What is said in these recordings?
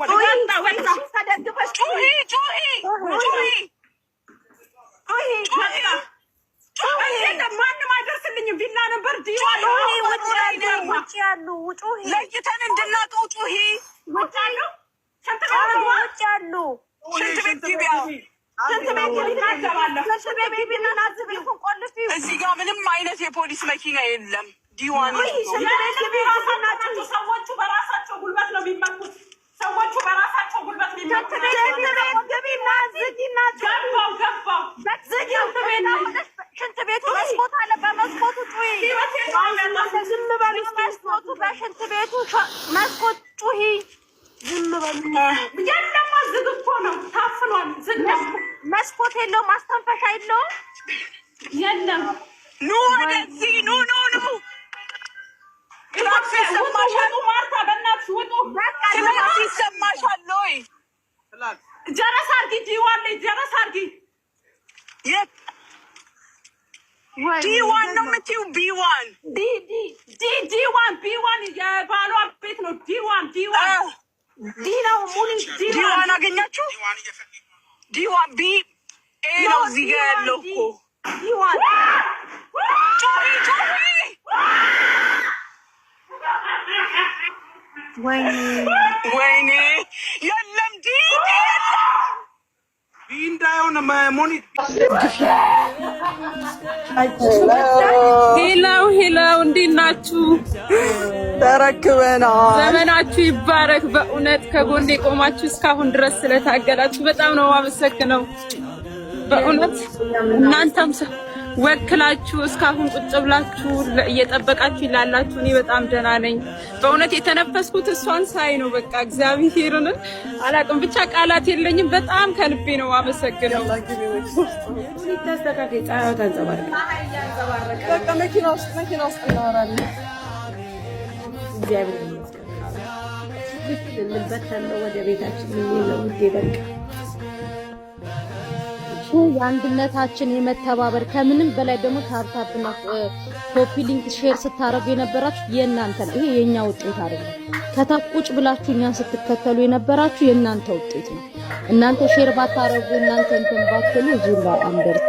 ማንም ቢላ ነበር ያሉ እዚህ ጋ ምንም አይነት የፖሊስ መኪና የለም። ዲዋን ሰዎቹ በራሳቸው ጉልበት ነው የሚመጡት። ሰዎቹ በራሳቸው ጉልበት ሽንት ቤቱ መስኮት አለ። በመስኮቱ መስኮቱ በሽንት ቤቱ መስኮት ጩሂ። ዝም በል። ያለማ ዝግ እኮ ነው፣ ታፍኗል። ዝግ መስኮት የለውም፣ ማስተንፈሻ የለውም፣ የለም የት ዲዋን ነው የምትይው? ቢዋን ዲዋን ቢዋን የባሏ ቤት ነው። ዲዋን ዲዋን ዲ ነው ሙሉ ዲዋን አገኛችሁ። ዲዋን ቢ ኤ ነው እዚህ ጋ ያለው እኮ ዲዋን ጮሪ ጮሪ ወይኔ ወይኔ የለም እንዳይሆን ሞኒት ሄላው ሄላው፣ እንዴት ናችሁ? ተረክበና ዘመናችሁ ይባረክ። በእውነት ከጎን የቆማችሁ እስካሁን ድረስ ስለታገላችሁ በጣም ነው የማመሰግነው። በእውነት እናንተም ወክላችሁ እስካሁን ቁጭ ብላችሁ እየጠበቃችሁ ላላችሁ እኔ በጣም ደህና ነኝ። በእውነት የተነፈስኩት እሷን ሳይ ነው። በቃ እግዚአብሔርን አላቅም፣ ብቻ ቃላት የለኝም። በጣም ከልቤ ነው አመሰግነው። እግዚአብሔር ይመስገን። ልንበት ወደ ቤታችን የምንለው ውዴ በቃ እሱ የአንድነታችን የመተባበር ከምንም በላይ ደግሞ ታርታትና ኮፒ ሊንክ ሼር ስታረጉ የነበራችሁ የእናንተ ነው። ይሄ የእኛ ውጤት አይደለም። ከታቁጭ ብላችሁ እኛን ስትከተሉ የነበራችሁ የእናንተ ውጤት ነው። እናንተ ሼር ባታረጉ፣ እናንተ እንትን ባትሉ እዚሁ ላይ አንደርኩ።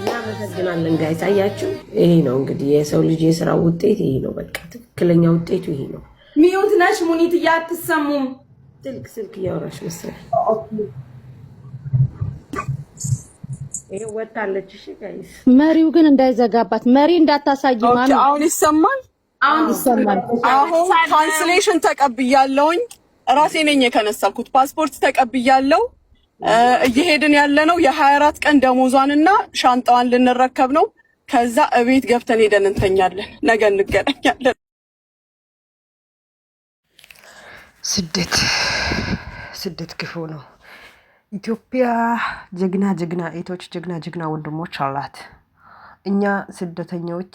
እናመሰግናለን ጋይስ። አያችሁ፣ ይሄ ነው እንግዲህ የሰው ልጅ የስራ ውጤት ይሄ ነው። በቃ ትክክለኛ ውጤቱ ይሄ ነው። ሚዩት ነሽ ሙኒት፣ እያትሰሙም ስልክ ስልክ እያወራሽ መሰለኝ መሪው ግን እንዳይዘጋባት መሪ እንዳታሳይ። አሁን ይሰማል፣ አሁን ይሰማል። አሁን ትራንስሌሽን ተቀብያለሁኝ። ራሴ ነኝ የከነሳኩት። ፓስፖርት ተቀብያለሁ። እየሄድን ያለነው የሀያ አራት ቀን ደሞዟንና ሻንጣዋን ልንረከብ ነው። ከዛ እቤት ገብተን ሄደን እንተኛለን። ነገ እንገናኛለን። ስደት ስደት ክፉ ነው። ኢትዮጵያ ጀግና ጀግና እህቶች፣ ጀግና ጀግና ወንድሞች አላት። እኛ ስደተኞች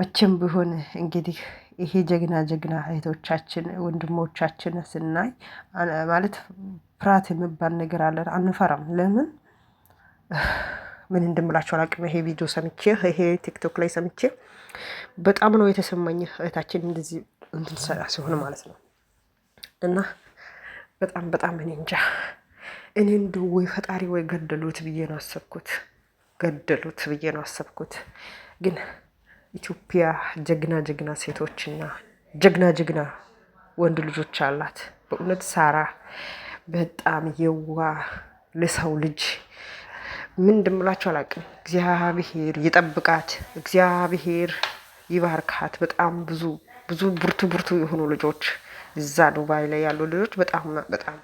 መቼም ቢሆን እንግዲህ ይሄ ጀግና ጀግና እህቶቻችን ወንድሞቻችን ስናይ ማለት ፍርሃት የሚባል ነገር አለን። አንፈራም። ለምን ምን እንደምላቸው አላውቅም። ይሄ ቪዲዮ ሰምቼ ይሄ ቲክቶክ ላይ ሰምቼ በጣም ነው የተሰማኝ። እህታችን እንደዚህ እንትን ሲሆን ማለት ነው እና በጣም በጣም እኔ እንጃ እኔ እንደ ወይ ፈጣሪ ወይ ገደሉት ብዬ ነው አሰብኩት፣ ገደሉት ብዬ ነው አሰብኩት። ግን ኢትዮጵያ ጀግና ጀግና ሴቶችና ጀግና ጀግና ወንድ ልጆች አላት። በእውነት ሳራ በጣም የዋ ለሰው ልጅ ምን እንደምላችሁ አላውቅም። እግዚአብሔር ይጠብቃት፣ እግዚአብሔር ይባርካት። በጣም ብዙ ብዙ ብርቱ ብርቱ የሆኑ ልጆች እዛ ዱባይ ላይ ያሉ ልጆች በጣም በጣም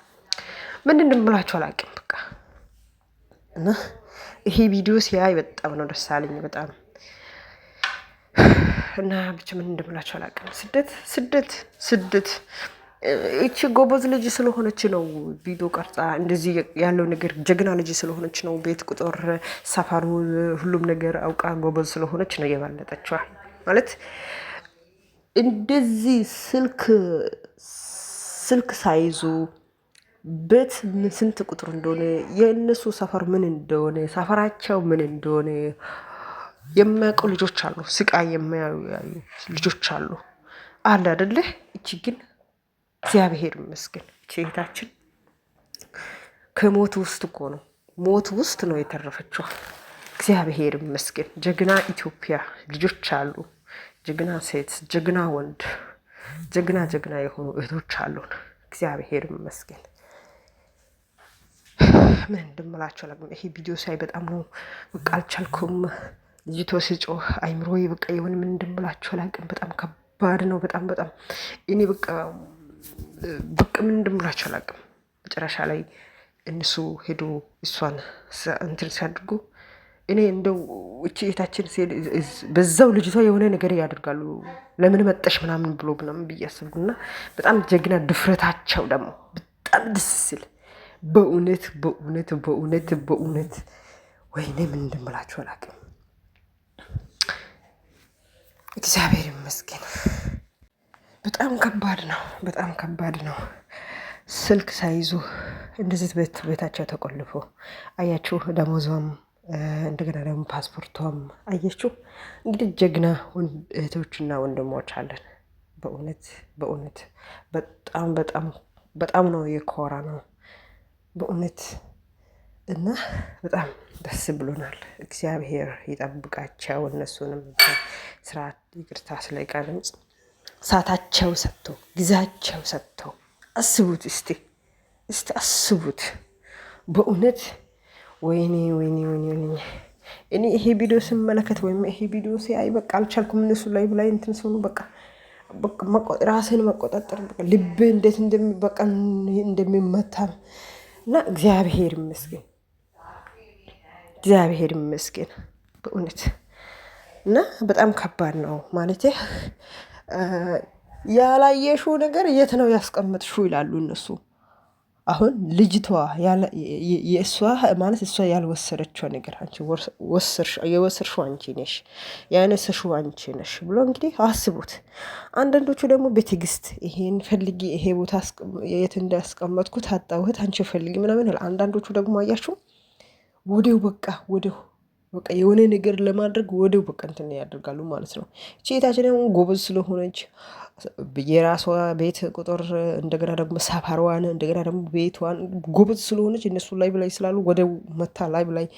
ምንድን እንደምላችሁ አላውቅም። በቃ እና ይሄ ቪዲዮ ሲያይ በጣም ነው ደስ አለኝ በጣም እና ብቻ ምን እንደምላችሁ አላውቅም። ስደት ስደት ስደት እቺ ጎበዝ ልጅ ስለሆነች ነው ቪዲዮ ቀርጻ እንደዚህ ያለው ነገር፣ ጀግና ልጅ ስለሆነች ነው ቤት ቁጥር፣ ሰፈሩ፣ ሁሉም ነገር አውቃ ጎበዝ ስለሆነች ነው የባለጠችዋ ማለት እንደዚህ ስልክ ስልክ ሳይዙ ቤት ስንት ቁጥር እንደሆነ የእነሱ ሰፈር ምን እንደሆነ ሰፈራቸው ምን እንደሆነ የማያውቀው ልጆች አሉ። ስቃይ የማያዩ ልጆች አሉ አለ አደለ? እቺ ግን እግዚአብሔር ይመስገን ቼታችን ከሞት ውስጥ እኮ ነው ሞት ውስጥ ነው የተረፈችው። እግዚአብሔር ይመስገን። ጀግና ኢትዮጵያ ልጆች አሉ። ጀግና ሴት፣ ጀግና ወንድ፣ ጀግና ጀግና የሆኑ እህቶች አሉን። እግዚአብሔር ይመስገን። ምን እንደምላቸው አላውቅም። ይሄ ቪዲዮ ሳይ በጣም ነው በቃ አልቻልኩም። ልጅቶ ሲጮህ አይምሮ በቃ የሆን ምን እንደምላቸው አላውቅም። በጣም ከባድ ነው። በጣም በጣም እኔ በቃ በቃ ምን እንደምላቸው አላውቅም። መጨረሻ ላይ እነሱ ሄዶ እሷን እንትን ሲያድርጉ እኔ እንደው እቺ የታችን ሴል በዛው ልጅቷ የሆነ ነገር ያደርጋሉ። ለምን መጠሽ ምናምን ብሎ ምናምን ብዬ አሰብኩና በጣም ጀግና ድፍረታቸው ደግሞ በጣም ደስ ሲል በእውነት በእውነት በእውነት በእውነት ወይኔ ምን እንደምላችሁ አላውቅም። እግዚአብሔር ይመስገን። በጣም ከባድ ነው። በጣም ከባድ ነው። ስልክ ሳይዙ እንደዚህ ቤት ቤታቸው ተቆልፎ አያችሁ። ደሞዟም እንደገና ደግሞ ፓስፖርቷም አያችሁ። እንግዲህ ጀግና እህቶችና ወንድሞች አለን። በእውነት በእውነት በጣም በጣም በጣም ነው የኮራ ነው። በእውነት እና በጣም ደስ ብሎናል። እግዚአብሔር ይጠብቃቸው። እነሱንም ስርዓት ይቅርታ ስለ ዕቃ ድምፅ ሰዓታቸው ሰጥቶ ጊዜያቸው ሰጥቶ አስቡት እስቲ እስቲ አስቡት በእውነት ወይኔ ወይኔ ወይኔ ወይኔ እኔ ይሄ ቪዲዮ ስመለከት ወይም ይሄ ቪዲዮ ሲያይ በቃ አልቻልኩም። እነሱ ላይ ብላይ እንትን ሲሆኑ በቃ ራስን መቆጣጠር ልብ እንዴት እንደሚበቃ እንደሚመታ እና እግዚአብሔር ይመስገን፣ እግዚአብሔር ይመስገን በእውነት እና በጣም ከባድ ነው ማለት ያላየሽው ነገር የት ነው ያስቀመጥሽው ይላሉ እነሱ። አሁን ልጅቷ የእሷ ማለት እሷ ያልወሰደችው ነገር አንቺ የወሰድሽው አንቺ ነሽ፣ ያነሰሽው አንቺ ነሽ ብሎ እንግዲህ አስቡት። አንዳንዶቹ ደግሞ በትዕግስት ይሄን ፈልጊ፣ ይሄ ቦታ የት እንዳስቀመጥኩት አጣሁት፣ አንቺ ፈልጊ ምናምን። አንዳንዶቹ ደግሞ አያችሁ ወደው በቃ ወደው በቃ የሆነ ነገር ለማድረግ ወደው በቃ እንትን ያደርጋሉ ማለት ነው። እቺ እህታችን ደግሞ ጎበዝ ስለሆነች የራሷ ቤት ቁጥር እንደገና ደግሞ ሰፈሯን እንደገና ደግሞ ቤቷን ጎበዝ ስለሆነች እነሱ ላይ ላይ ስላሉ ወደው መታ ላይ ብላይ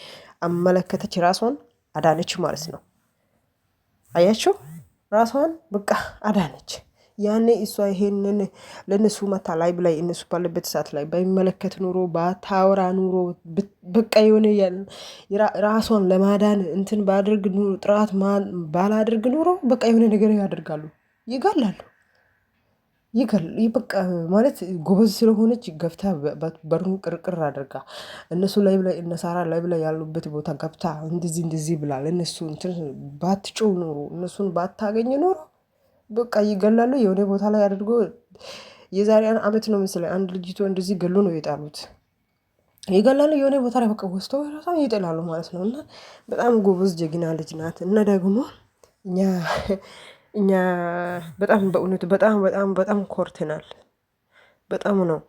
አመለከተች። ራሷን አዳነች ማለት ነው። አያቸው ራሷን በቃ አዳነች። ያኔ እሷ ይሄንን ለእነሱ መታ ላይ እነሱ ባለበት ሰዓት ላይ በሚመለከት ኑሮ ባታወራ ኑሮ በቃ የሆነ ራሷን ለማዳን እንትን ባድርግ ኑሮ ጥራት ባላድርግ ኑሮ በቃ የሆነ ነገር ያደርጋሉ፣ ይጋላሉ። ይገል በቃ ማለት ጎበዝ ስለሆነች ገብታ በሩን ቅርቅር አድርጋ እነሱ ላይ ላይ እነሳራ ላይ ላይ ያሉበት ቦታ ገብታ እንደዚህ እንደዚህ ብላል እነሱ እንትን ባትጮው ኖሮ እነሱን ባታገኝ ኖሮ በቃ ይገላሉ። የሆነ ቦታ ላይ አድርጎ የዛሬ አመት ነው ምስል አንድ ልጅቶ እንደዚህ ገሎ ነው የጣሉት። ይገላሉ። የሆነ ቦታ ላይ በቃ ወስቶ በጣም ይጥላሉ ማለት ነው። እና በጣም ጎበዝ ጀግና ልጅ ናት። እና ደግሞ እኛ እኛ በጣም በእውነቱ በጣም በጣም በጣም ኮርትናል። በጣም ነው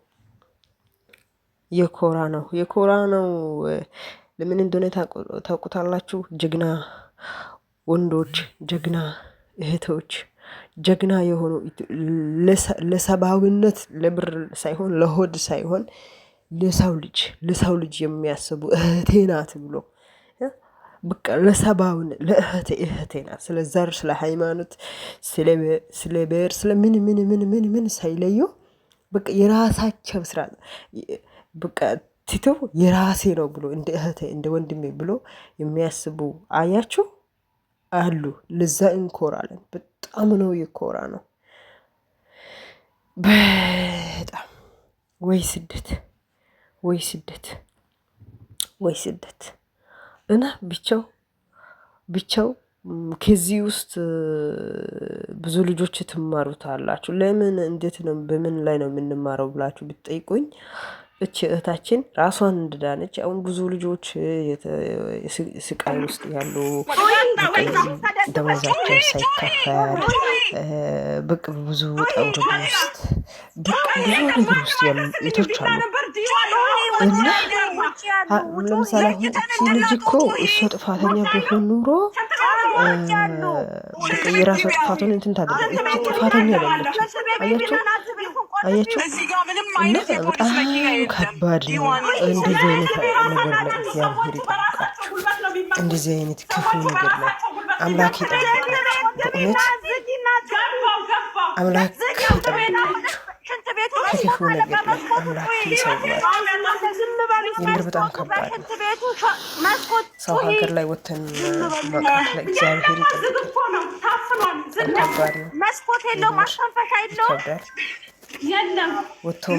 የኮራ ነው የኮራ ነው። ለምን እንደሆነ ታውቁታላችሁ። ጀግና ወንዶች፣ ጀግና እህቶች ጀግና የሆኑ ለሰብአዊነት ለብር ሳይሆን ለሆድ ሳይሆን ለሰው ልጅ ለሰው ልጅ የሚያስቡ እህቴ ናት ብሎ በቃ ለሰብአዊነት ለእህቴ እህቴ ናት። ስለ ዘር፣ ስለ ሃይማኖት፣ ስለ ብሔር፣ ስለ ምን ምን ምን ምን ምን ሳይለዩ በቃ የራሳቸው ስራ በቃ ትቶ የራሴ ነው ብሎ እንደ እህቴ እንደ ወንድሜ ብሎ የሚያስቡ አያችሁ። አሉ። ለዛ እንኮራለን። በጣም ነው የኮራ ነው። በጣም ወይ ስደት ወይ ስደት ወይ ስደት እና ብቻው ብቻው ከዚህ ውስጥ ብዙ ልጆች ትማሩታላችሁ። ለምን እንዴት ነው በምን ላይ ነው የምንማረው ብላችሁ ብትጠይቁኝ እች እህታችን ራሷን እንድዳነች አሁን ብዙ ልጆች ስቃይ ውስጥ ያሉ ደሞዛቸው ሳይከፈል ብቅ ብዙ ጠውድ ውስጥ ብቅ ብዙ ነገር ውስጥ ያሉ ቤቶች አሉ ለምሳሌ አሁን እቺ ልጅ እኮ እሷ ጥፋተኛ ቢሆን ኑሮ የራሷ ጥፋቱን እንትን ታደርገ እቺ ጥፋተኛ ያለች አያቸው አያቸው በጣም ከባድ ነው። እንደዚህ አይነት ነገር ላይ እግዚአብሔር ይጠብቃቸው። እንደዚህ አይነት ክፉ ነገር ላይ አምላክ ይጠብቃቸው። በእውነት አምላክ ይጠብቃቸው። ከክፉ ነገር ላይ አምላክ ይሰውራቸው። የምር በጣም ከባድ ነው። ሰው ሀገር ላይ ወተን መቃት ላይ እግዚአብሔር ይጠብቃል። ከባድ ነው። ወጥቶ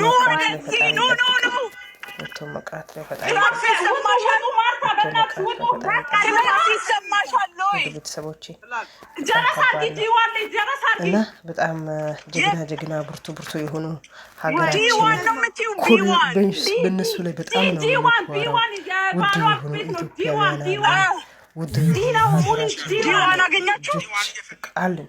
መቅረት ላይ ቤተሰቦቼ እና በጣም ጀግና ጀግና ብርቱ ብርቱ የሆኑ ሀገራችን በእነሱ ላይ በጣም ነው ውድ የሆኑ ኢትዮጵያውያን ውድ ሀገራችን አለን